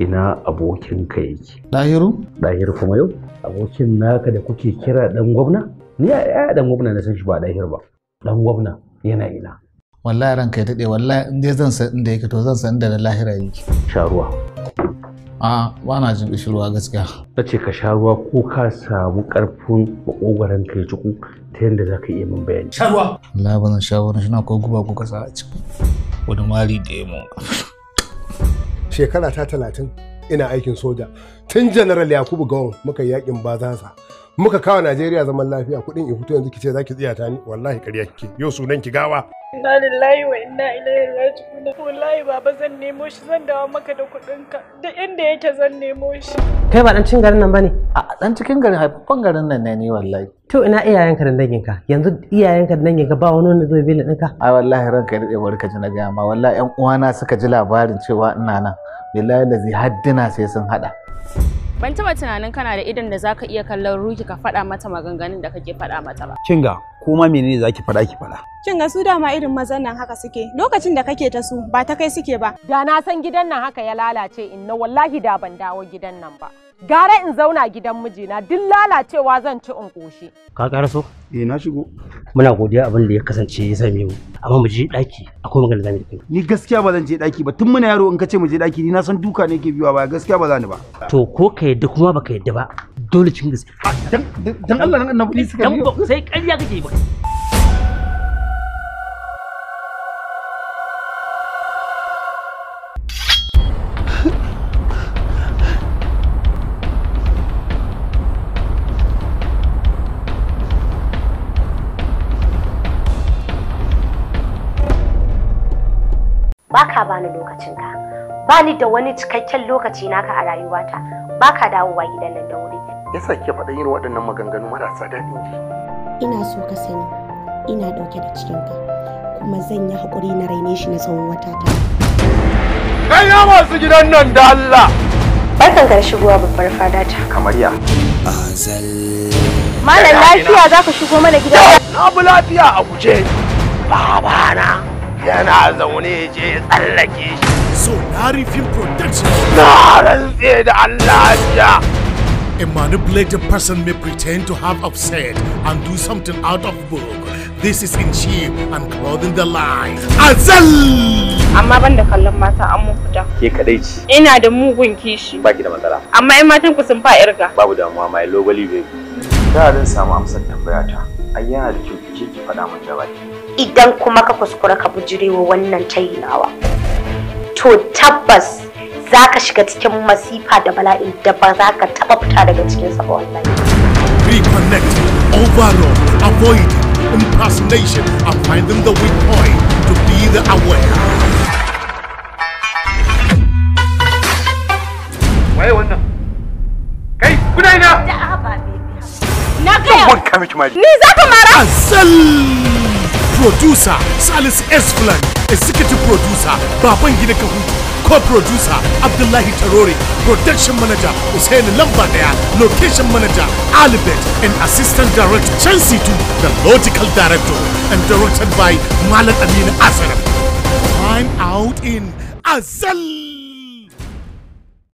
ina abokin ka yake Lahiru? ɗahiru kuma yau abokin naka da kuke kira dan gwamna ni a dan gwamna na san shi ba ɗahiru ba dan gwamna yana ina wallahi ranka ya daɗe wallahi in dai zan san inda yake to zan san inda na lahira yake sha ruwa a ba na jin ruwa gaskiya ta ce ka sha ruwa ko ka samu karfin makogwaron kai ya ciku ta yadda za ka iya min bayani sha ruwa wallahi ba zan sha ruwa na shi na ko guba ko kasa a ciki wani mali da ya mun shekara ta talatin ina aikin soja tun general yakubu gawon muka yakin bazansa muka kawo najeriya zaman lafiya kudin in fito yanzu kice zaki tsiya ta ni wallahi karya kike yau sunan ki gawa inna lillahi wa inna ilaihi raji'un wallahi baba zan nemo shi zan dawo maka da kudin ka da inda yake zan nemo shi kai ba dan cin garin nan bane a dan cikin garin haifafan garin nan ne wallahi to ina iyayenka da danginka yanzu iyayenka da danginka ba wani wanda zai bila ɗinka ai wallahi ranka daɗe barka ji na gaya ma wallahi 'yan uwana suka ji labarin cewa ina nan billahi zai haddina sai sun haɗa ban taɓa tunanin kana da idan da zaka iya kallon ruki ka faɗa mata maganganun da kake faɗa mata ba kinga kuma menene zaki faɗa ki faɗa kinga su dama irin mazan nan haka suke lokacin da kake ta su ba ta kai suke ba da na san gidan nan haka ya lalace inna wallahi da ban dawo gidan nan ba gara in zauna gidan mijina duk lalacewa zan ci in koshi. Ka ƙara so? Eh na shigo. Muna godiya abin da ya kasance ya same mu. Amma mu je ɗaki akwai magana zamu Ni gaskiya ba zan je ɗaki ba tun muna yaro in ka ce mu je ɗaki ni na san duka ne ke biyowa ba gaskiya ba za ni ba. To ko ka yadda kuma baka yadda ba dole cin gaskiya. Ah, dan Allah nan annabi suka biyo. Dan sai ƙarya kake ba. baka bani lokacinka bani da wani cikakken lokaci naka a rayuwata baka dawowa gidan nan da wuri yasa kike faɗa irin waɗannan maganganu marasa daɗin ji ina so ka sani ina ɗauke da cikinka kuma zan yi haƙuri na raine shi na tsawon wata ta kai ya masu gidan nan da Allah barkan ka shigowa babbar fada ta kamar ya malam lafiya za ka shigo mana gidan na bu lafiya a guje babana yana zaune je tsallake shi so na rufin protection na rantse da Allah ya A manipulated person may pretend to have upset and do something out of book. This is in sheep and clothing the line. Azal! amma ban da kallon mata an mun fita. Ke kadai ci. Ina da mugun kishi. Ba ki da matsala. Amma ai matan ku sun fa irga. Babu damuwa mai logoli baby. Da zan samu amsar tambaya ta. Ai yana da kyau ki faɗa min da baki. idan kuma ka kuskura ka bujirewa wannan tayinawa to tabbas za ka shiga cikin masifa da bala'in da ba za ka taba fita daga cikin sa ba wallahi reconnect overall avoid impersonation and find them the weak point to be the aware waye wannan kai kuna ina na ga ni za ka mara Producer Salis S. Executive Producer gida Kahutu. Co-producer Abdullahi Tarori. Production Manager Hussein Lambadaya. Location Manager Alibet. And Assistant Director Chansi Tu, the Logical Director. And directed by Malan Amin Azarab. Find out in Azal.